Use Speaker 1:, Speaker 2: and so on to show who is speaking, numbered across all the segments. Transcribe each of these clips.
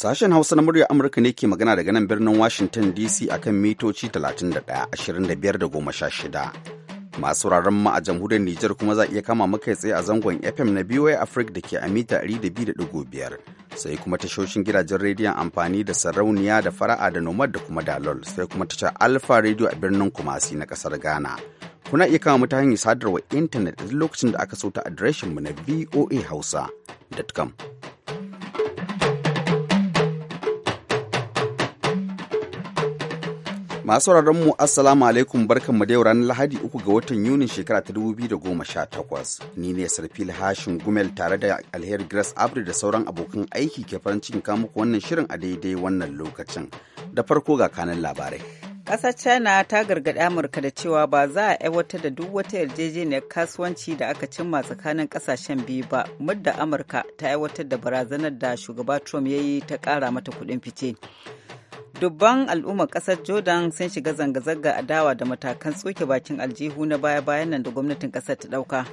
Speaker 1: Sashen Hausa na muryar Amurka ne ke magana daga nan birnin Washington DC akan mitoci 31, 25 da 16. Masu wuraren ma a jamhuriyar Nijar kuma za a iya kama maka tsaye a zangon FM na BOA Africa da ke a mita 200.5 sai kuma tashoshin gidajen rediyon amfani da sarauniya da fara'a da nomad da kuma dalol sai kuma tashar Alfa Radio a birnin Kumasi na kasar Ghana. Kuna iya kama mutane hanyar sadarwar intanet duk lokacin da aka so ta adireshin mu na hausa.com. Masu mu Assalamu alaikum barkanmu da yau ranar Lahadi uku ga watan yuni shekara ta dubu biyu da goma 2018. Ni ne Sarfil Hashin Gumel tare da Alheri Grace Abri da sauran abokan aiki ke farin cikin kamu wannan shirin a daidai wannan lokacin. Da farko ga kanan labarai.
Speaker 2: Ƙasar China ta gargaɗi Amurka da cewa ba za a aiwatar da duk wata yarjejeniyar kasuwanci da aka cimma tsakanin ƙasashen biyu ba, mudda Amurka ta aiwatar da barazanar da shugaba Trump ya yi ta ƙara mata kuɗin fice. dubban al'ummar kasar jordan sun shiga zanga-zanga a dawa da matakan tsoke bakin aljihu na baya-bayan nan da gwamnatin kasar ta dauka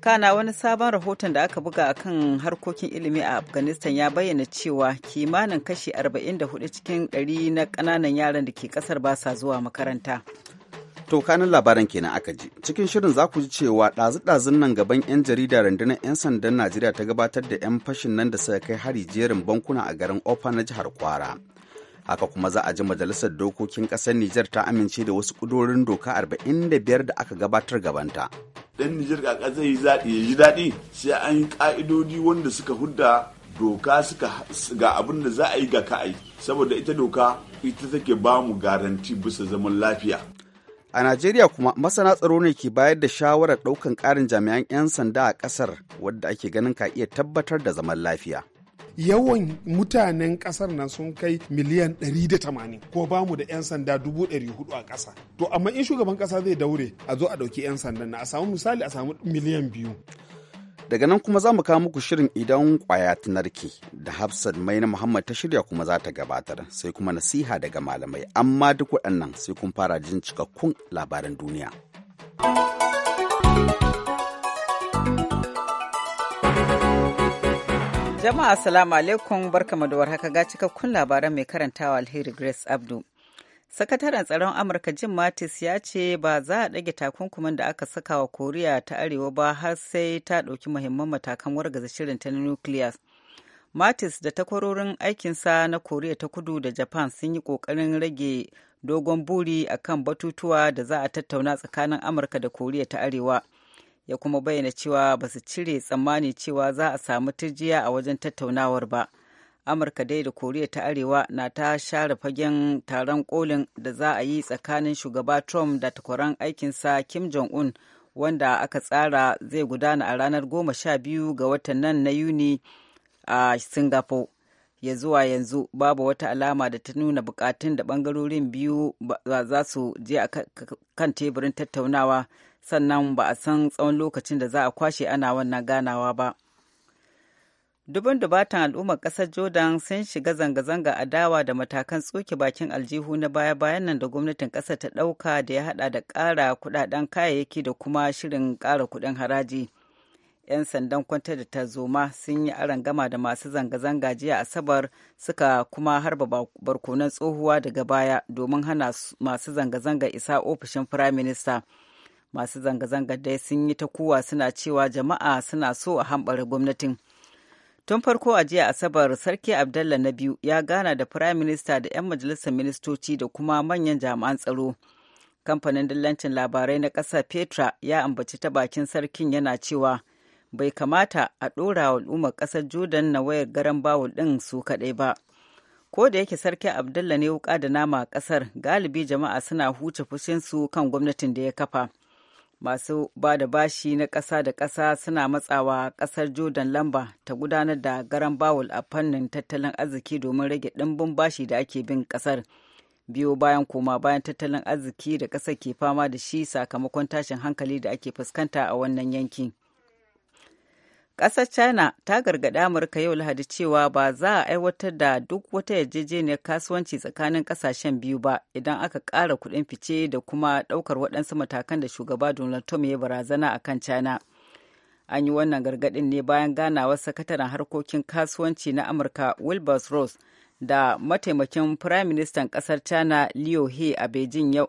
Speaker 2: kana wani sabon rahoton da aka buga akan harkokin ilimi a afghanistan ya bayyana cewa kimanin kashi 44 cikin 100 na kananan yaran da ke kasar ba sa zuwa makaranta
Speaker 1: to kanin labaran kenan aka ji cikin shirin za ku ji cewa ɗazu-ɗazun nan gaban 'yan jarida rundunar 'yan sandan najeriya ta gabatar da 'yan fashin nan da suka kai hari jerin bankuna a garin ofa na jihar kwara haka kuma za a ji majalisar dokokin ƙasar Nijar ta amince da wasu ƙudurorin doka 45 da aka gabatar gabanta.
Speaker 3: Dan Nijar kaka zai zaɗi ya ji daɗi sai an yi ƙa'idodi wanda suka hudda doka suka ga abin da za a yi ga ka'ai saboda ita doka ita take ba mu garanti bisa zaman lafiya.
Speaker 1: A Najeriya kuma masana tsaro ne ke bayar da shawarar ɗaukan ƙarin jami'an 'yan sanda a ƙasar wadda ake ganin ka iya tabbatar da zaman lafiya.
Speaker 4: yawan mutanen kasar nan sun kai miliyan 180 ko bamu da 'yan sanda 400 a ƙasa to amma in shugaban ƙasa zai daure a zo a ɗauki 'yan sanda na a samu misali a samu miliyan biyu
Speaker 1: daga nan kuma za mu kawo muku shirin idan kwaya ta narke da hafsat mai na muhammad ta shirya kuma za ta gabatar sai kuma nasiha daga malamai amma duk waɗannan sai kun fara jin cikakkun labaran duniya.
Speaker 2: Jama'a salamu alaikum barkamu da warhaka ga cikakkun labaran mai karantawa Alheri Grace Abdu. Sakataren tsaron Amurka Jim Mattis ya ce ba za a ɗage takunkumin da aka saka wa Koriya ta Arewa ba har sai ta ɗauki muhimman matakan wargaza shirinta na nukiliyas Mattis da takwarorin aikinsa na Koriya ta Kudu da Japan sun yi ƙoƙarin rage dogon buri akan batutuwa da za a tattauna tsakanin Amurka da Koriya ta Arewa. ya kuma bayyana cewa ba su cire tsammani cewa za a samu turjiya a wajen tattaunawar ba amurka dai da koriya ta arewa na ta share fagen taron kolin da za a yi tsakanin shugaba trump da takwaran aikinsa kim jong-un wanda aka tsara zai gudana a ranar goma sha biyu ga watan nan na yuni a singapore ya zuwa yanzu babu wata alama da ta nuna bukatun da bangarorin biyu za su je kan teburin tattaunawa sannan ba a san tsawon lokacin da za a kwashe ana wannan ganawa ba dubin dubatan al'ummar ƙasar jordan sun shiga zanga-zanga a dawa da matakan tsoke bakin aljihu na baya-bayan nan da gwamnatin ƙasa ta ɗauka da ya haɗa da ƙara kuɗaɗen kayayyaki da kuma shirin ƙara kuɗin haraji 'yan sandan kwantar da tarzoma sun yi gama da masu zanga-zanga jiya asabar suka kuma harba barkonan tsohuwa daga baya domin hana masu zanga-zanga isa ofishin firaminista. minista masu zanga-zangar dai sun yi ta kuwa suna cewa jama'a suna so a hambara gwamnatin tun farko a jiya asabar sarki abdalla na biyu ya gana da firayim minista da 'yan majalisar ministoci da kuma manyan jami'an tsaro kamfanin dillancin labarai na ƙasa petra ya ambaci ta bakin sarkin yana cewa bai kamata a ɗora wa al'ummar ƙasar jordan na wayar garan bawul ɗin su kaɗai ba ko da yake sarki abdullah ne wuka da nama a ƙasar galibi jama'a suna huce fushinsu kan gwamnatin da ya kafa masu ba da bashi na ƙasa da ƙasa suna matsawa ƙasar jordan lamba ta gudanar da garan bawul a fannin tattalin arziki domin rage ɗimbin bashi da ake bin ƙasar biyo bayan koma bayan tattalin arziki da ƙasar ke fama da shi sakamakon tashin hankali da ake fuskanta a wannan yankin Ƙasar China ta gargaɗi Amurka yau Lahadi cewa ba za a aiwatar da duk wata yarjejeniyar kasuwanci tsakanin ƙasashen biyu ba idan aka ƙara kuɗin fice da kuma ɗaukar waɗansu matakan da shugaba Donald Trump ya barazana a kan China. An yi wannan gargaɗin ne bayan ganawar sakataren harkokin kasuwanci na Amurka Wilbur Ross da mataimakin Firaministan ƙasar China Liu He a Beijing yau.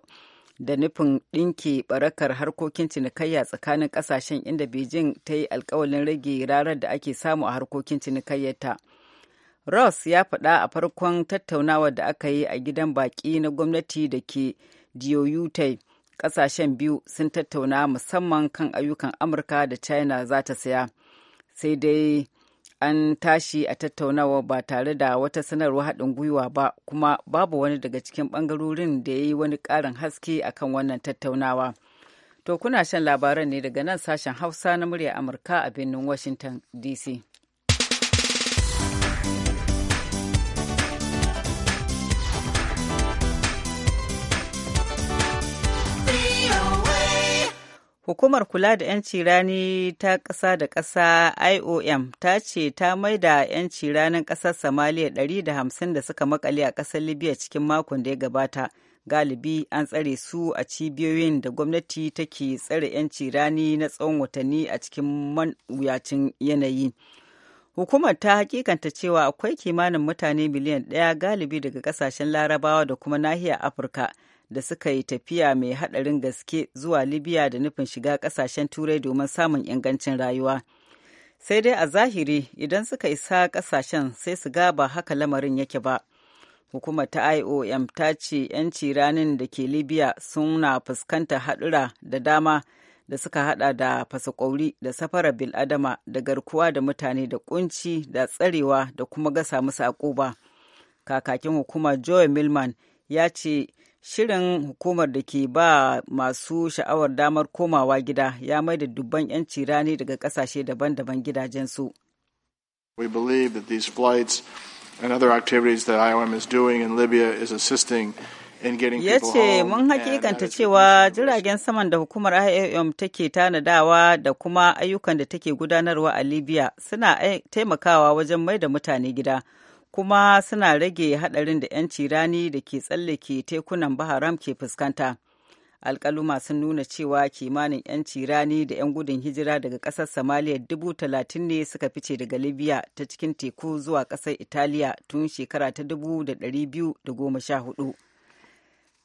Speaker 2: da nufin ɗinke barakar harkokin cinikayya tsakanin ƙasashen inda beijing ta yi alkawalin rage rarar da ake samu a harkokin cinikayyarta ross ya faɗa a farkon tattaunawar da aka yi a gidan baƙi na gwamnati da ke diyoyutai ƙasashen biyu sun tattauna musamman kan ayyukan amurka da china za ta saya sai dai an tashi a tattaunawa ba tare da wata sanarwa haɗin gwiwa ba kuma babu wani daga cikin ɓangarorin da ya yi wani ƙarin haske akan wannan tattaunawa to kuna shan labaran ne daga nan sashen hausa na murya amurka a birnin washington dc Hukumar kula da 'yanci rani ta ƙasa da ƙasa IOM ta ce ta maida 'yanci ranin ƙasar Somalia ɗari da hamsin da suka makale a ƙasar Libya cikin makon da ya gabata. Galibi an tsare su a cibiyoyin da gwamnati take tsare 'yanci rani na tsawon watanni a cikin wuyacin yanayi. Hukumar ta hakikanta cewa akwai kimanin mutane miliyan ɗaya galibi daga ƙasashen Larabawa da kuma nahiyar Afirka. da suka yi tafiya mai haɗarin gaske zuwa libya da nufin shiga ƙasashen turai domin samun ingancin rayuwa sai dai a zahiri idan suka isa ƙasashen sai su ga ba haka lamarin yake ba hukumar ta iom ta ce 'yanci ranin da ke libya suna fuskantar haɗura da dama da suka hada da fasakwauri da safarar biladama da garkuwa da mutane da kunci da tsarewa da kuma gasa musu akuba kakakin hukumar joe milman ya ce shirin hukumar da ke ba masu sha'awar damar komawa gida ya maida dubban 'yanci rani daga kasashe daban-daban gidajensu.
Speaker 5: We believe that these flights
Speaker 2: and other activities that IOM is doing in Libya is assisting ya ce mun hakikanta cewa jiragen saman da hukumar IOM take tanadawa da kuma ayyukan da take gudanarwa a libya suna taimakawa wajen mai da mutane gida kuma suna rage haɗarin da 'yan cirani da ke tsallake tekunan Baharam ke fuskanta. alkaluma sun nuna cewa kimanin 'yan rani da 'yan gudun hijira daga ƙasar somaliya dubu talatin ne suka fice daga libya ta cikin teku zuwa ƙasar italiya tun shekara ta dubu da ɗari biyu da goma sha hudu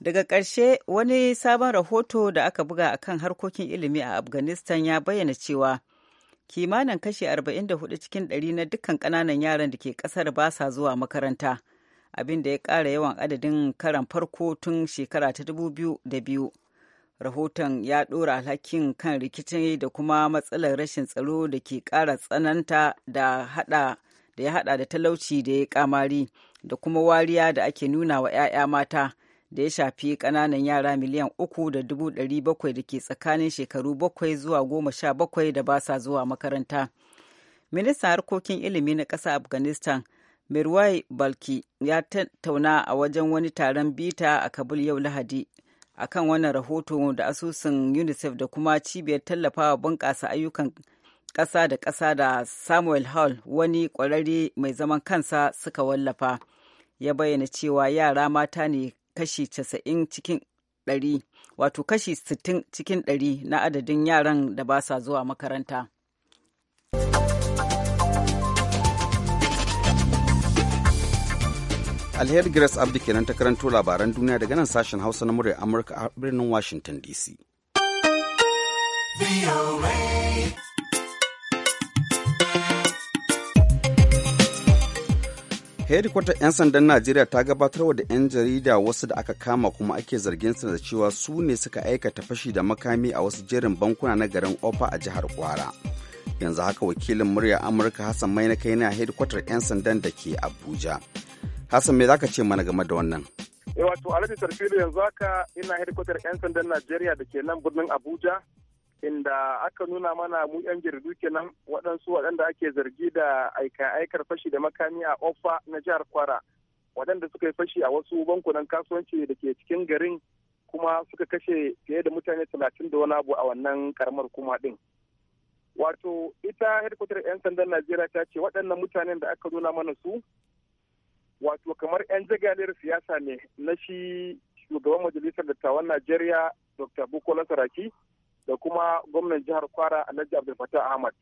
Speaker 2: daga ƙarshe wani sabon rahoto da aka buga akan harkokin ilimi a afghanistan ya bayyana cewa kimanin kashi 44 cikin ɗari na dukkan ƙananan yaran da ke ƙasar ba sa zuwa makaranta abin da ya ƙara yawan adadin karan farko tun shekara ta 2002 rahoton ya ɗora alhakin kan rikicin da kuma matsalar rashin tsaro da ke ƙara tsananta da ya haɗa da talauci da ya kamari da kuma wariya da ake nuna wa 'ya'ya mata da ya shafi ƙananan yara miliyan uku da dubu ɗari bakwai da ke tsakanin shekaru bakwai zuwa goma sha bakwai da ba sa zuwa makaranta. Ministan harkokin ilimi na ƙasa Afghanistan, Mirwai Balki, ya tattauna a wajen wani taron bita a Kabul yau Lahadi a kan wannan rahoto da asusun UNICEF da kuma cibiyar tallafawa bunƙasa ayyukan ƙasa da ƙasa da Samuel Hall wani ƙwararre mai zaman kansa suka wallafa. Ya bayyana cewa yara mata ne kashi casa'in cikin ɗari wato kashi sittin cikin ɗari na adadin yaran da ba sa zuwa makaranta.
Speaker 1: Alheri Grace Abdi kenan ta karanto labaran duniya daga nan sashen Hausa na murya Amurka a birnin Washington DC. hedikwatar 'yan sandan najeriya ta wa da 'yan jarida wasu da aka kama kuma ake zargin su da cewa su ne suka aikata fashi da makami a wasu jerin bankuna na garin ofa a jihar kwara yanzu haka wakilin murya amurka hassan mai na kai na hedikwatar 'yan sandan da ke abuja hassan me zaka ce mana game da wannan
Speaker 6: eh, wato alhaji tarfilo yanzu haka ina hedikwatar 'yan sandan najeriya da ke nan birnin abuja inda aka nuna mana mu 'yan jirgi kenan waɗansu waɗanda ake zargi da aika-aikar fashi da makami a ofa na jihar kwara waɗanda suka yi fashi a wasu bankunan kasuwanci da ke cikin garin kuma suka kashe fiye da mutane talatin da wani abu a wannan karamar kuma ɗin wato ita headquarter 'yan sandan najeriya ta ce waɗannan mutanen da aka nuna mana su wato kamar 'yan jagalar siyasa ne na shi shugaban majalisar dattawan najeriya dr bukola saraki da kuma gwamnan jihar kwara alhaji abdul fatah ahmad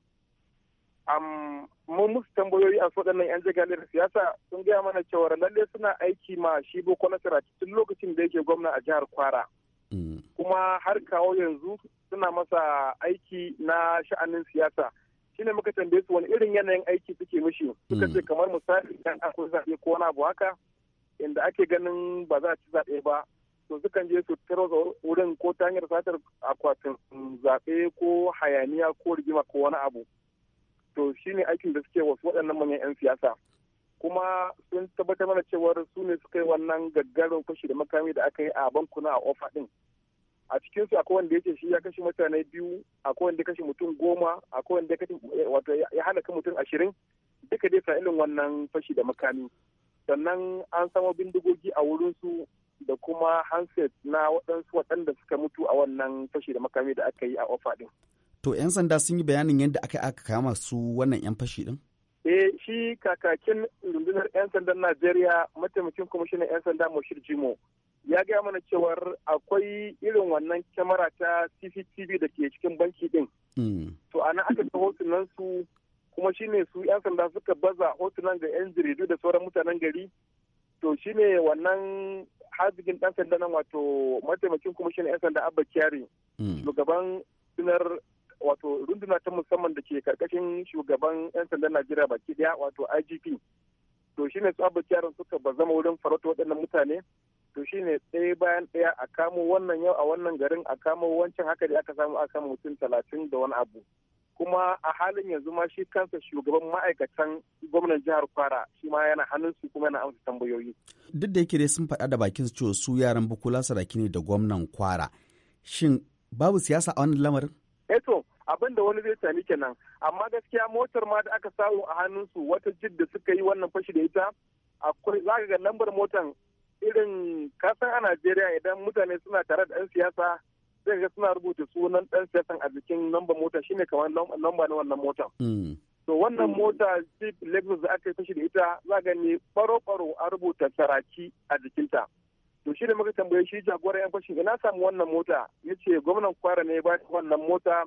Speaker 6: mun musu tambayoyi a waɗannan 'yan jagalar siyasa sun gaya mana cewa lalle suna aiki ma shi boko nasara cikin lokacin da yake gwamna a jihar kwara mm. kuma har kawo yanzu suna masa aiki na sha'anin siyasa shine muka tambaye su wani irin yanayin aiki suke mishi suka mm. ce kamar misali yan akwai zaɓe ko wani abu haka inda ake ganin ba za a ci zaɓe ba to sukan je su tara wurin ko ta hanyar satar akwatin zaɓe ko hayaniya ko rigima ko wani abu to shine aikin da suke wasu waɗannan manyan 'yan siyasa kuma sun tabbatar mana cewar su ne suka yi wannan gaggarin kashi da makami da aka yi a bankuna a ofa ɗin a cikin su akwai wanda yake shi ya kashe mutane biyu akwai wanda ya kashe mutum goma akwai wanda ya kashe eh, wato ya halaka mutum ashirin duka dai sa irin wannan fashi da makami sannan an samo bindigogi a wurin su da kuma handset na waɗansu waɗanda suka mutu a wannan fashi da makami da aka yi a ofa ɗin.
Speaker 1: To 'yan sanda sun yi bayanin yadda aka aka kama su wannan 'yan fashi ɗin?
Speaker 6: Eh shi kakakin rundunar 'yan sandan Najeriya mataimakin kwamishinan 'yan sanda Moshir Jimo ya gaya mana cewar akwai irin wannan kyamara ta CCTV da ke cikin banki ɗin. Hmm. To ana aka ta hotunan su kuma ne su 'yan sanda suka baza hotunan ga 'yan jaridu da sauran mutanen gari to shi ne wannan hajjigin ɗan sanda nan wato mataimakin kwamishin 'yan sanda abba kyari hmm. shugaban sinar wato runduna ta musamman da ke karkashin shugaban 'yan sanda najeriya baki daya wato igp to shine su abba kyari suka zama wurin farauta waɗannan mutane to shine ɗaya bayan ɗaya a kamo wannan yau a wannan garin a kamo wancan haka da aka samu aka mutum talatin da wani abu kuma a halin yanzu ma shi kansa shugaban ma'aikatan gwamnan jihar kwara shi ma yana hannunsu kuma yana amsa tambayoyi
Speaker 1: duk da yake dai sun faɗa da bakin su cewa su yaran bukula saraki ne da gwamnan kwara shin babu siyasa a wannan lamarin
Speaker 6: eto eh abin da wani zai sami kenan amma gaskiya motar ma da aka samu a hannunsu wata jid da suka yi wannan fashi da ita akwai za ga lambar motan irin kasan a najeriya idan mutane suna tare da 'yan siyasa zai ga suna rubuta sunan ɗan siyasan a jikin lambar mota shine kamar lamba na wannan mota. Mm. To wannan mota Jeep Lexus da aka yi fashi da ita za gani baro-baro a rubuta saraki a jikinta. To shi da muka tambaye shi jagoran yan fashin ina samu wannan mota ya ce gwamnan kwara ne ba wannan mota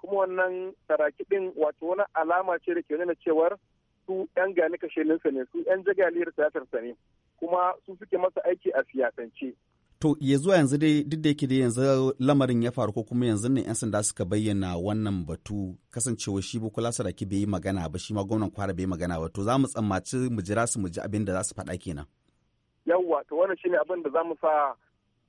Speaker 6: kuma wannan saraki ɗin wato wani alama ce da ke nuna cewar su yan gani kashe ne su yan jagaliyar siyasarsa ne kuma su suke masa aiki a siyasance.
Speaker 1: To ya zuwa yanzu dai duk da yake da yanzu lamarin ya faru ko kuma yanzu ne 'yan sanda suka bayyana wannan batu kasancewa shi kula Saraki bai yi magana ba shi ma gwamnan kwara bai yi magana ba to za mu tsammaci mu jira su mu ji abin da za su faɗa kenan.
Speaker 6: Yawwa to wannan shine abin da za mu sa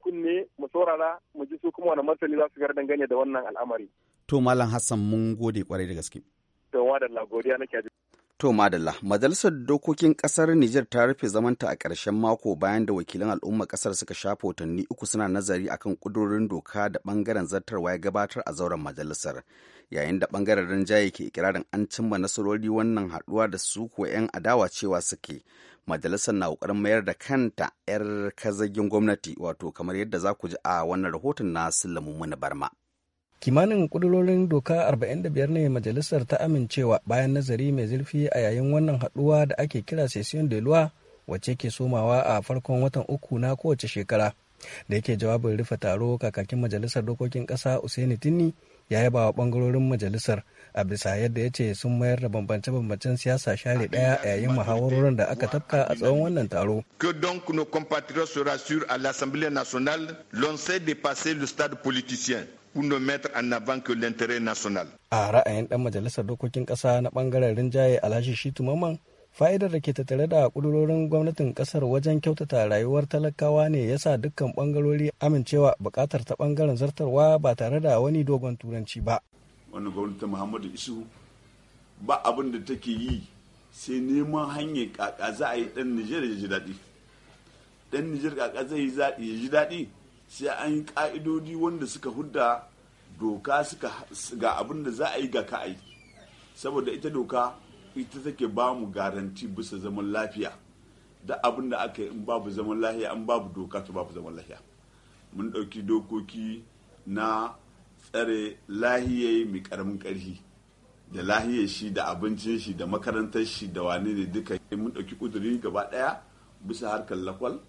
Speaker 6: kunne mu saurara mu ji su kuma wani martani za su gara dangane da wannan al'amari.
Speaker 1: To Malam Hassan mun gode kwarai da gaske.
Speaker 6: To wa da godiya nake
Speaker 1: To Madalla, Majalisar Dokokin Ƙasar Nijar ta rufe zamanta a ƙarshen mako bayan da wakilan al'umma ƙasar suka shafa watanni uku suna nazari akan ƙudurorin doka da ɓangaren zartarwa ya gabatar a zauren majalisar. Yayin da ɓangaren rinjaye ke ikirarin an cimma nasarori wannan haɗuwa da su kuwa 'yan adawa cewa suke. Majalisar na ƙoƙarin mayar da kanta 'yar kazagin gwamnati wato kamar yadda za ku ji a wannan rahoton na mana Barma.
Speaker 7: kimanin kudurorin doka 45 ne majalisar ta amincewa bayan nazari mai zurfi a yayin wannan haɗuwa da ake kira session de loi wacce ke somawa a farkon watan uku na kowace shekara da yake jawabin rufe taro kakakin majalisar dokokin ƙasa usaini tinni ya yaba wa ɓangarorin majalisar a bisa yadda ya ce sun mayar da bambance-bambancen siyasa share ɗaya a yayin muhawarorin da aka tafka a tsawon wannan taro.
Speaker 5: Que donc nos compatriotes se rassurent à l'Assemblée nationale, l'on sait dépasser le stade politicien. ne en avant que l'intérêt national.
Speaker 7: A ra'ayin ɗan majalisar dokokin ƙasa na ɓangaren rinjaye Alhaji Shitu Maman, fa'idar da ke tattare da ƙudurorin gwamnatin ƙasar wajen kyautata rayuwar talakawa ne yasa dukkan ɓangarori amincewa buƙatar ta ɓangaren zartarwa ba tare da wani dogon turanci ba.
Speaker 3: Wannan gwamnatin Muhammadu Isu ba abin da take yi sai neman hanyar kaka za a yi ɗan Nijar ya ji daɗi. Ɗan Nijar kaka zai yi ya ji daɗi sai an yi ka'idodi wanda suka hudda doka suka ga abin da za a yi ga ka'ai saboda ita doka ita take ba mu garanti bisa zaman lafiya da abin da aka yi in babu zaman lafiya in babu doka to babu zaman lafiya mun ɗauki dokoki na tsare lahiyai mai karamin ƙarfi da lahiyar shi da abincin shi da makarantar shi da wane ne duka mun ɗauki ƙuduri gaba ɗaya bisa harkar lakwal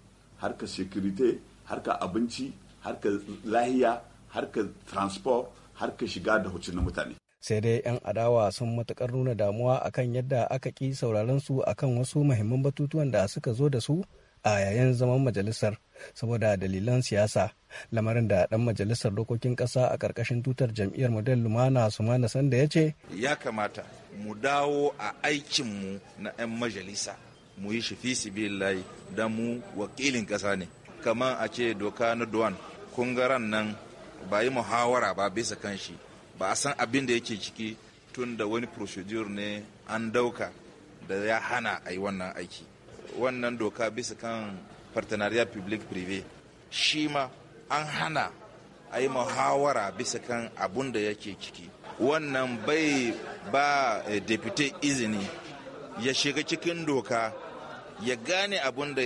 Speaker 3: harkar sekirite harka abinci harka lahiya harka transport harka shiga da hucin na mutane
Speaker 7: sai dai 'yan adawa sun matukar nuna damuwa akan yadda aka ki sauraron su akan wasu muhimman batutuwan da suka zo da su a yayin zaman majalisar saboda dalilan siyasa lamarin da dan majalisar dokokin kasa a karkashin tutar jam'iyyar model lumana sumana sanda ya ce
Speaker 8: ya kamata mu dawo a aikinmu na 'yan majalisa mu yi shi fi don mu wakilin ƙasa ne kamar a ce doka na duwan kungaran nan ba yi muhawara ba bisa kan shi ba a san abin da yake ciki tun da wani procedure ne an dauka da ya hana a yi wannan aiki wannan doka bisa kan partenariat public privé shi ma an hana a yi muhawara bisa kan abun da yake ciki wannan bai ba eh, deputy izini ya shiga cikin doka ya gane abun da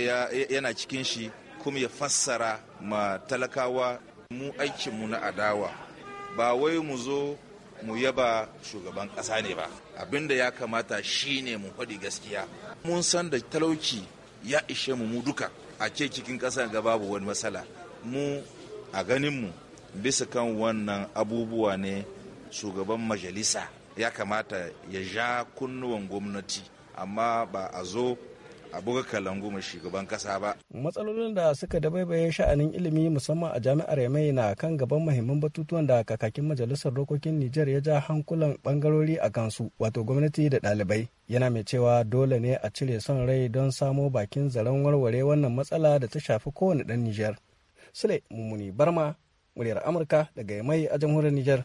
Speaker 8: yana cikin shi kuma ya fassara ma talakawa mu aikinmu na adawa ba wai mu zo mu yaba shugaban ƙasa ne ba abin da ya kamata shi ne mu faɗi gaskiya mun san da talauci ya ishe mu mu duka a ce cikin ƙasa ga babu wani matsala mu a ganinmu bisa kan wannan abubuwa ne shugaban majalisa ya kamata ya ja kunnuwan gwamnati amma ba a zo a buga kalangu mai shugaban kasa ba.
Speaker 7: Matsalolin da suka dabaibaye sha'anin ilimi musamman a jami'ar Yamai na kan gaban mahimman batutuwan da kakakin majalisar dokokin Nijar ya ja hankulan bangarori a kansu wato gwamnati da ɗalibai. Yana mai cewa dole ne a cire son rai don samo bakin zaren warware wannan matsala da ta shafi kowane ɗan Nijar. Sule Mummuni Barma, muryar Amurka daga Yamai a jamhuriyar Nijar.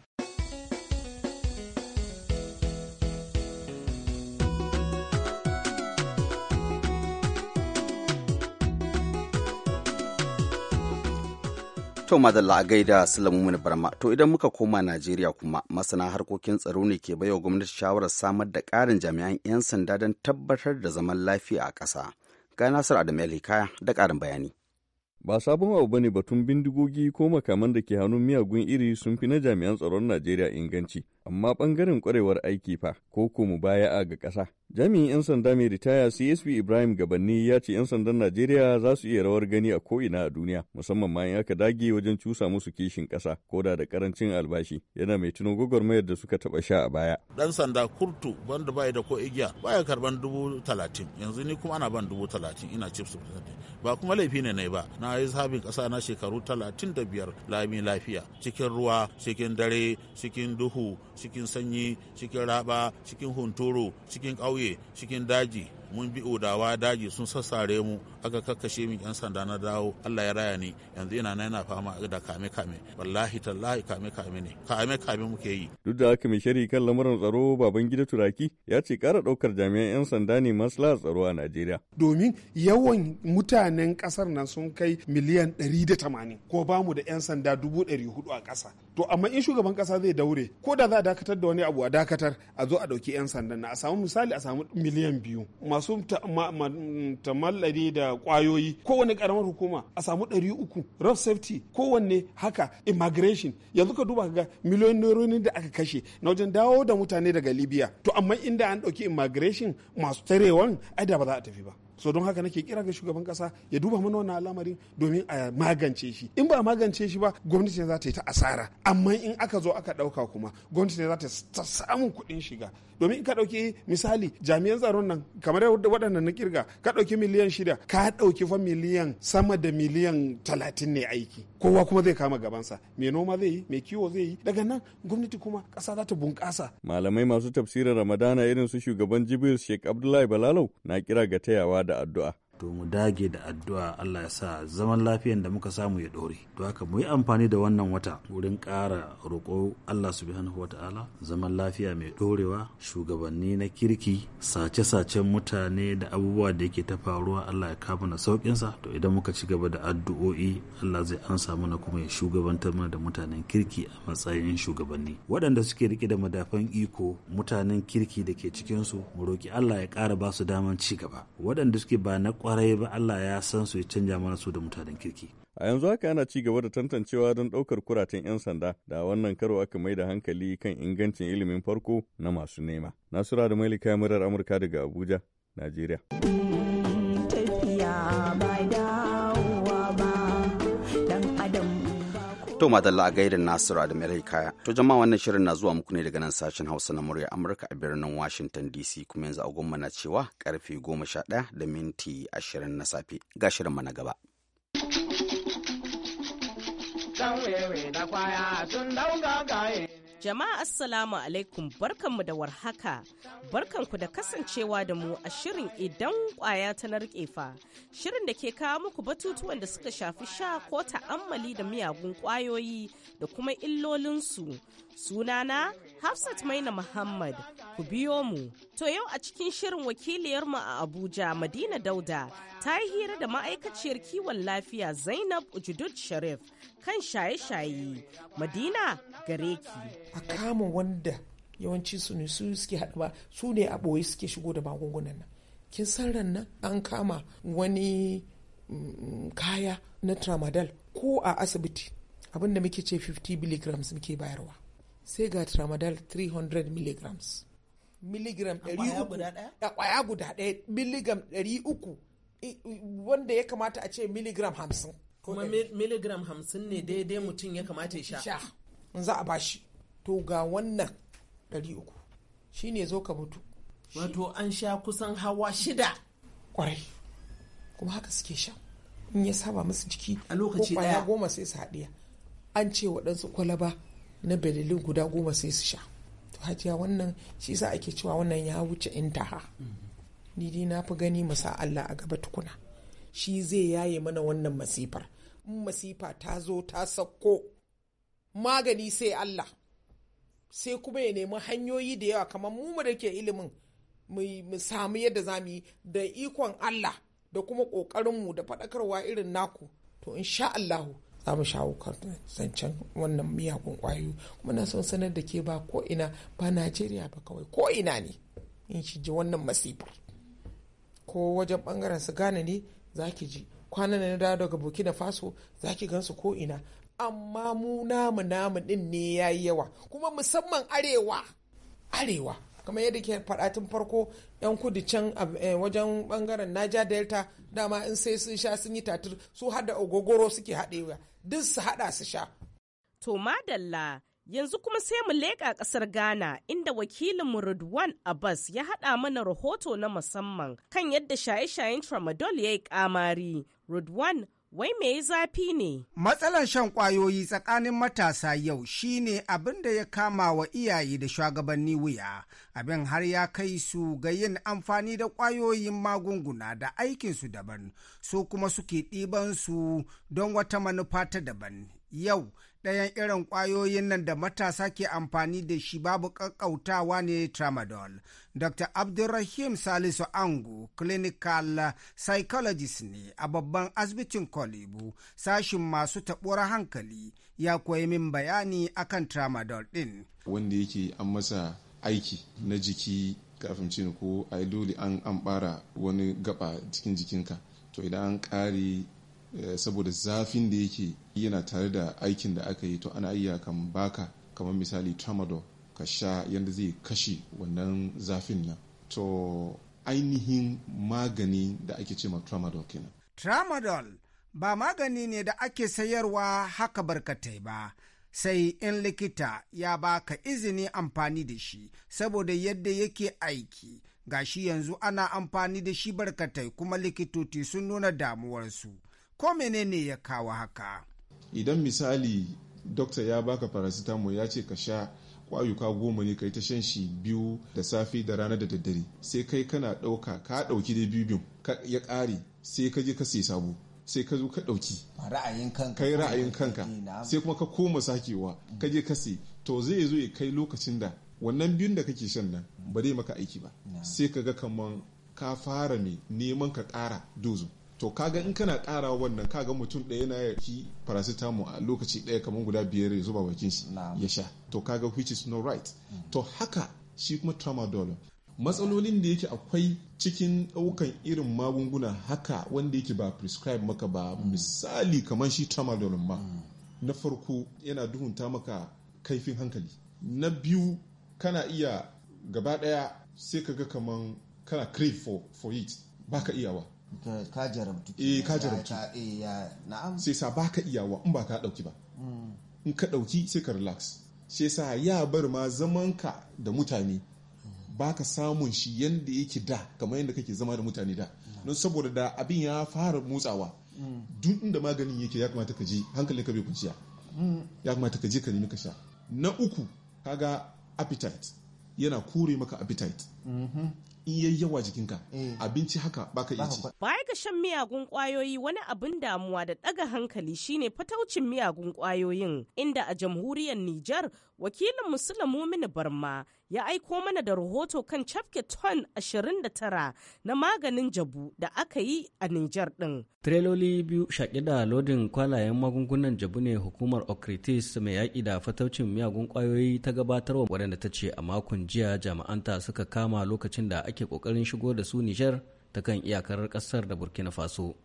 Speaker 1: To madalla a gaida Sulamu Mini Barma. To idan muka koma Najeriya kuma masana harkokin tsaro ne ke baiwa gwamnati shawarar samar da ƙarin jami'an 'yan sanda don tabbatar da zaman lafiya a ƙasa. Ga Nasiru Adam Hikaya da ƙarin bayani.
Speaker 9: Ba sabon abu bane batun bindigogi ko makaman da ke hannun miyagun iri sun fi na jami'an tsaron Najeriya inganci, amma bangaren kwarewar aiki fa ko ko mu baya a ga ƙasa Jami'in 'yan sanda mai ritaya CSP Ibrahim Gabanni ya ce 'yan sandan Najeriya za su iya rawar gani a ko'ina a duniya, musamman ma in aka dage wajen cusa musu kishin kasa ko da da karancin albashi, yana mai tuno gwagwarmayar da suka taba sha a baya.
Speaker 4: Ɗan sanda kurtu wanda bai da ko igiya baya karban dubu talatin, yanzu ni kuma ana ban dubu talatin ina chips ba kuma laifi ne nai ba, na yi zabin ƙasa na shekaru talatin da biyar lami lafiya, cikin ruwa, cikin dare, cikin duhu, cikin sanyi, cikin raba, cikin hunturu, cikin ƙauye. ƙauye cikin daji mun bi odawa daji sun sassare mu aka kakkashe min yan sanda na dawo Allah ya raya ni yanzu ina na yana fama da kame kame wallahi tallahi kame kame ne kame kame muke yi
Speaker 9: duk da haka mai shari kan lamuran tsaro baban gida turaki ya ce kara daukar jami'an yan sanda ne masla tsaro a Najeriya
Speaker 4: domin yawan mutanen kasar nan sun kai miliyan ɗari da tamanin ko bamu da yan sanda ɗari 400 a kasa to amma in shugaban kasa zai daure ko da za a dakatar da wani abu a dakatar a zo a ɗauki 'yan sandan na a samu misali a samu miliyan biyu masu mm, tamallari da kwayoyi kowane karamar hukuma a samu ɗari uku rough safety kowanne haka immigration yanzu ka duba ga miliyoyin da aka kashe na wajen dawo da mutane daga libya to amma inda an ɗauki immigration masu tarewan ai da ba za a tafi ba so don haka nake kira ga shugaban kasa ya duba mana wannan al'amarin domin a magance shi in ba a magance shi ba gwamnati ne za ta yi ta asara amma in aka zo aka dauka kuma gwamnati ne za ta samun kuɗin shiga domin in ka dauki misali jami'an tsaron nan kamar waɗannan na kirga ka dauki miliyan shida ka dauki fa miliyan sama da miliyan talatin ne aiki kowa kuma zai kama gabansa mai noma zai yi mai kiwo zai yi daga nan gwamnati kuma ƙasa za ta bunƙasa
Speaker 9: malamai masu tafsirin ramadana irin su shugaban jibril sheikh abdullahi balalau na kira ga tayawa da addu'a. to
Speaker 8: mu dage da addu'a Allah ya sa zaman lafiyan da muka samu ya dore to haka mu yi amfani da wannan wata wurin ƙara roƙo Allah subhanahu wata'ala zaman lafiya mai dorewa shugabanni na kirki sace-sacen mutane da abubuwa da yake ta faruwa Allah ya kama na saukin sa to idan muka ci gaba da addu'o'i Allah zai ansa mana kuma ya shugabantar mana da mutanen kirki a matsayin shugabanni waɗanda suke rike da madafan iko mutanen kirki da ke cikinsu mu roƙi Allah ya ƙara ba su daman ci gaba waɗanda suke ba na kwarai ba Allah ya san su ya canja mana su da mutanen kirki.
Speaker 9: A yanzu haka ana ci gaba da tantancewa don ɗaukar kuratun 'yan sanda da wannan karo aka mai da hankali kan ingancin ilimin farko na masu nema. Nasura da Mailika murar Amurka daga Abuja, Najeriya.
Speaker 10: Tafiya
Speaker 1: To madalla a gaidan Nasiru Adam kaya. To jama'a wannan shirin na zuwa muku ne daga nan sashen Hausa na murya Amurka a birnin Washington DC kuma yanzu agonma na cewa karfe goma sha ɗaya da minti ashirin na safe ga shirin na gaba.
Speaker 10: Jama'a Assalamu alaikum barkanmu da warhaka, barkanku da kasancewa da mu a shirin idan kwaya ta fa shirin da ke kawo muku batutuwan da suka shafi sha ko ta'ammali da miyagun kwayoyi da kuma illolinsu. Sunana Hafsat Maina Muhammad ku biyo mu. To yau a cikin shirin wakiliyarmu a Abuja Madina Dauda ta yi hira da ma'aikaciyar kiwon lafiya Zainab Ujudud Sharif kan shaye-shaye. Madina gare ki. A kama wanda yawanci su ne su
Speaker 11: suke haɗuwa su ne a ɓoye suke shigo da magungunan nan. Kin san ran nan an kama wani mm, kaya na tramadol ko a asibiti da muke ce 50 milligrams muke bayarwa. sai ga tramadol 300 mg milligram 300 a kwaya guda ɗaya miligram 300 wanda ya kamata a ce miligram 50 kuma miligram 50 ne daidai mutum ya kamata ya sha za a bashi to ga wannan 300 shine zo ka mutu wato an sha kusan hawa shida kwarai kuma haka suke sha in ya saba musu jiki a lokaci daya goma sai su haɗiya an ce waɗansu kwalaba na belilin guda goma sai su sha to hajiya wannan shi sa ake cewa wannan ya wuce intaha ni dai na fi gani masa Allah a gaba tukuna shi zai yaye mana wannan masifar in masifa ta zo ta sauko magani sai Allah sai kuma ya nemi hanyoyi da yawa kamar mu da ke ilimin mu samu yadda za mu yi da ikon Allah da kuma ƙoƙarinmu da faɗakarwa irin naku to in sha Allahu za mu shawo kan zancen wannan miyagun kwayoyi kuma na son sanar da ke ba ko ina ba najeriya ba kawai ko ina ne in shi ji wannan masifar ko wajen bangaren su gane ne za ki ji kwanan na dawo daga burkina faso za ki gansu ko ina amma mu namu namu din ne ya yi yawa kuma musamman arewa arewa kamar yadda ke faɗa tun farko yan kudu can eh, wajen bangaren naja delta dama in sai sun sha sun yi tatir su hada ogogoro suke haɗewa duk su haɗa su sha
Speaker 10: to madalla yanzu kuma sai mu leƙa ƙasar ghana inda wakilin Ridwan abbas ya haɗa mana rahoto na musamman kan yadda shaye-shayen tramadol ya yi ƙamari Ridwan wai me zafi ne? Matsalar shan kwayoyi
Speaker 12: tsakanin matasa yau shine abin da ya kama wa iyaye da shugabanni wuya, abin har ya kai su ga yin amfani da kwayoyin magunguna da aikinsu daban, su kuma suke ɗiban su don wata manufa ta daban. Yau ɗayan irin ƙwayoyin nan da matasa ke amfani da shi babu ƙaƙƙautawa ne tramadol. Dr. Abdulrahim Salisu Angu, clinical psychologist ne a babban asibitin Kolibu, sashin masu taɓuwar hankali, ya koyi min bayani akan tramadol ɗin.
Speaker 13: Wanda yake an masa aiki na jiki kafin ce ko a dole an an bara wani gaba cikin jikinka to idan an ƙare eh, saboda zafin da yake yana tare da aikin da aka yi to ana iya kan baka kamar misali tramadol ka sha yadda zai kashe wannan zafin nan to ainihin magani da ake ce ma tramadol
Speaker 12: kenan tramadol ba magani ne da ake sayarwa haka barkatai ba sai in likita ya baka izini amfani da shi saboda yadda yake aiki ga shi yanzu ana amfani da shi barkatai kuma likitoci sun nuna damuwarsu ko menene ya kawo haka
Speaker 13: idan misali dokta ya baka paracetamol ya ce ka sha kwayuka goma ne kai ta shan shi biyu da safe da rana da daddare sai kai kana ɗauka ka ɗauki da biyu biyu ya ƙare sai ka je ka sai sabo sai ka zo ka ɗauki ra'ayin kanka kai ra'ayin kanka eh, sai kuma ka koma sakewa ka je ka sai to zai zo ya kai lokacin da wannan biyun da kake shan nan ba zai maka aiki ba sai ka ga kaman ka fara mai neman ka kara dozo to kaga in kana kara wannan kaga mutum ɗaya na ya. ki paracetamol a lokaci ɗaya kamar guda biyar ya zuba bakin shi ya sha to kaga which is no right hmm. to haka shi kuma tramadol matsalolin da yake akwai cikin ɗaukan irin magunguna haka wanda yake ba prescribe maka ba hmm. misali kamar shi tramadol ma hmm. na farko yana duhunta maka kaifin hankali na biyu kana iya gaba ɗaya sai kaga kamar kaman kana crave for, for it baka iyawa ka jarabtu eh ka jarabtu eh ya na'am sai sa baka iyawa in ba ka dauki ba mm. in ka dauki sai ka relax sai sa ya bar ma zaman ka da mutane mm. baka samun shi yanda yake da kamar yanda kake zama da mutane da mm. don saboda da abin ya fara motsawa duk inda maganin yake ya kamata ka je hankalin ka bai kunciya ya kamata ka je ka nemi ka sha na uku kaga appetite yana kore maka appetite mm-hmm. in yi yawa jikinka eh. abinci haka baka iya ci
Speaker 10: baya ga shan miyagun kwayoyi wani abin damuwa da daga hankali shine fataucin miyagun kwayoyin inda a jamhuriyar Nijar wakilin Musulun Mumini Barma ya aiko mana da rahoto kan cafke ton 29 na maganin jabu da aka yi a Nijar ɗin.
Speaker 7: Treloli biyu shaƙi da lodin kwalayen magungunan jabu ne hukumar Okritis mai yaƙi da fataucin miyagun ƙwayoyi ta gabatarwa waɗanda ta ce a makon jiya jami'anta suka kama lokacin da ake ƙoƙarin shigo da su Nijar ta kan iyakar ƙasar da Burkina Faso.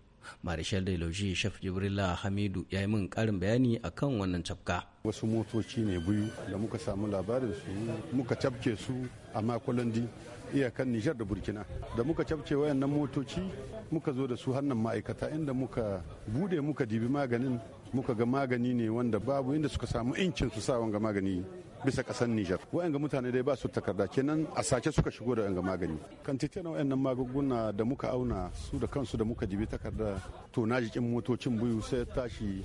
Speaker 7: marishal da lauji shaf jibrila hamidu ya yi min karin bayani akan wannan cafka
Speaker 5: wasu motoci ne biyu da muka samu labarin su muka cafke su a makolandi iyakan nijar da burkina da muka cafke wayannan motoci muka zo da su hannun ma'aikata inda muka bude muka dibi maganin muka ga magani ne wanda babu inda suka samu incin su sa wanga magani bisa ƙasar Nijar. Wa'anga mutane dai ba su takarda kenan a sace suka shigo da wa'anga magani. Kantite na wa'annan magunguna da muka auna su da kansu da muka jibi takarda to na jikin motocin buyu sai tashi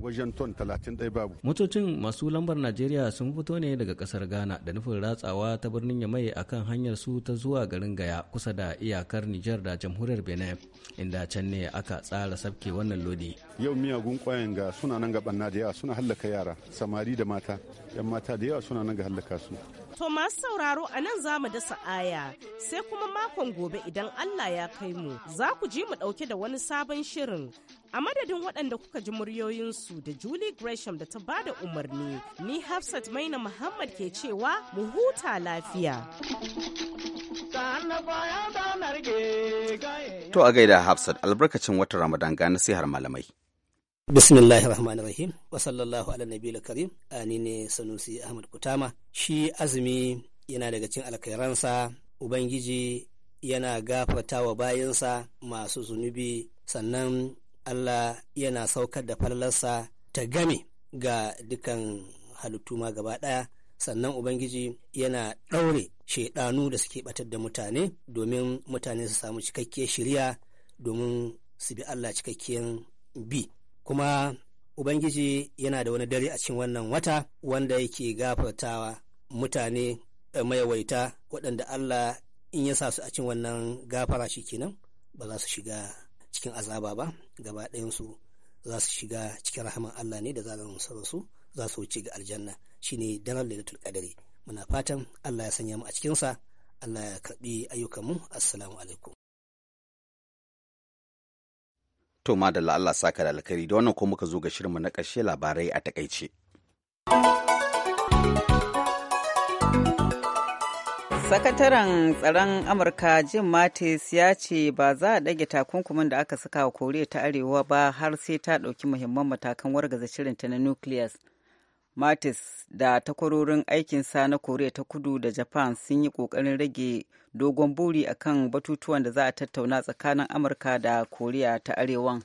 Speaker 5: wajen ton 31 babu.
Speaker 7: Motocin masu lambar Najeriya sun fito ne daga kasar Ghana da nufin ratsawa ta birnin Yamai akan hanyar su ta zuwa garin Gaya kusa da iyakar Nijar da jamhuriyar Benin inda can ne aka tsara sabke wannan lodi.
Speaker 5: Yau miyagun kwayan ga suna nan gaban Najeriya suna hallaka yara samari da mata yan mata da yawa suna nan ga su
Speaker 10: To masu sauraro a nan za mu dasa aya sai kuma makon gobe idan Allah ya kai mu za ku ji mu ɗauke da wani sabon shirin. A madadin waɗanda kuka ji muryoyinsu da Julie Gresham da ta ba da umarni, ni Hafsat Maina Muhammad ke cewa mu huta lafiya.
Speaker 1: To a gaida Hafsat albarkacin watan Ramadan ga nasihar malamai.
Speaker 14: bismillahi rahmanir rahim wa sallallahu ala nabiyil karim ani ne sanusi ahmad kutama shi azumi yana daga cikin alkairansa ubangiji yana gafarta wa bayansa masu zunubi sannan allah yana saukar da falalarsa ta game ga dukan halittu ma gaba ɗaya sannan ubangiji yana ɗaure shaidanu da suke ɓatar da mutane domin mutane su samu cikakkiyar shirya domin su bi allah cikakkiyar bi kuma ubangiji yana da wani dare a cikin wannan wata wanda yake gafartawa mutane eh, mayawaita waɗanda allah in ya sa su a cikin wannan gafara shi kenan ba za su shiga cikin azaba ba gaba ɗayansu za su shiga cikin rahaman allah ne da zaran su za su wuce ga aljanna Shi shine daren lailatul Kadari. muna fatan allah ya sanya mu a cikinsa allah ya karɓi ayyukanmu assalamu alaikum
Speaker 1: To da Allah saka da alkari da wannan ko muka zo ga shirinmu na ƙarshe labarai a takaice.
Speaker 2: Sakataren tsaron Amurka Jim Mattis ya ce ba za a ɗage takunkumin da aka saka wa Koriya ta Arewa ba har sai ta ɗauki muhimman matakan wargaza shirinta na nucleus. Mattis da takwarorin aikinsa na Koriya ta Kudu da Japan sun yi ƙoƙarin rage dogon buri a kan batutuwan da za a tattauna tsakanin Amurka da Koriya ta Arewan.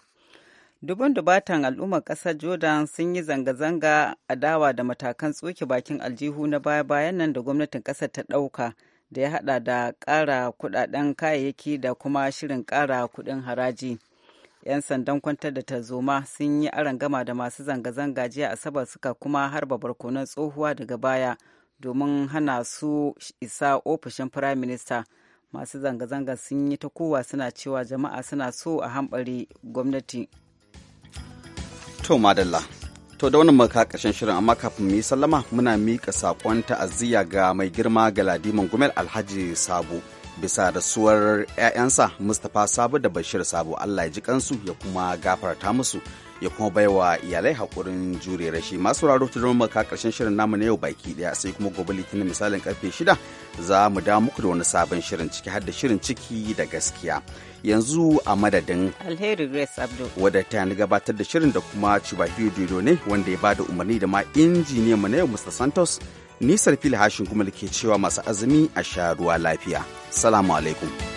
Speaker 2: Dubun dubatan al'ummar ƙasar Jordan sun yi zanga-zanga a dawa da matakan tsoke bakin aljihu na baya-bayan nan da gwamnatin ƙasar ta ɗauka da ya haɗa da ƙara kuɗaɗen kayayyaki da kuma shirin ƙara kuɗin haraji. 'yan sandan kwantar da tarzoma sun yi arangama da masu zanga-zanga jiya asabar suka kuma harba barkonon tsohuwa daga baya domin hana su isa ofishin prime minister masu zanga-zanga sun yi ta kowa suna cewa jama'a suna so a hambari gwamnati
Speaker 1: to madalla to da wannan maka shirin amma kafin mu yi sallama muna miƙa saƙon ta'aziyya ga mai girma ga ladiman gumel alhaji sabo bisa rasuwar 'ya'yansa mustapha sabu da bashir sabo allah ya ji kansu ya kuma gafarta musu ya kuma baiwa iyalai haƙurin jure rashi masu raro ta zama maka ƙarshen shirin namu na yau baki ɗaya sai kuma gobe litinin misalin karfe shida za mu da muku da wani sabon shirin ciki har da shirin ciki da gaskiya yanzu a madadin
Speaker 2: alheri grace abdul
Speaker 1: wadda ta yi gabatar da shirin da kuma cibahiyo dido ne wanda ya ba da umarni da ma injiniyan mu na yau mr santos nisar fili hashin kuma da ke cewa masu azumi a sha ruwa lafiya salamu alaikum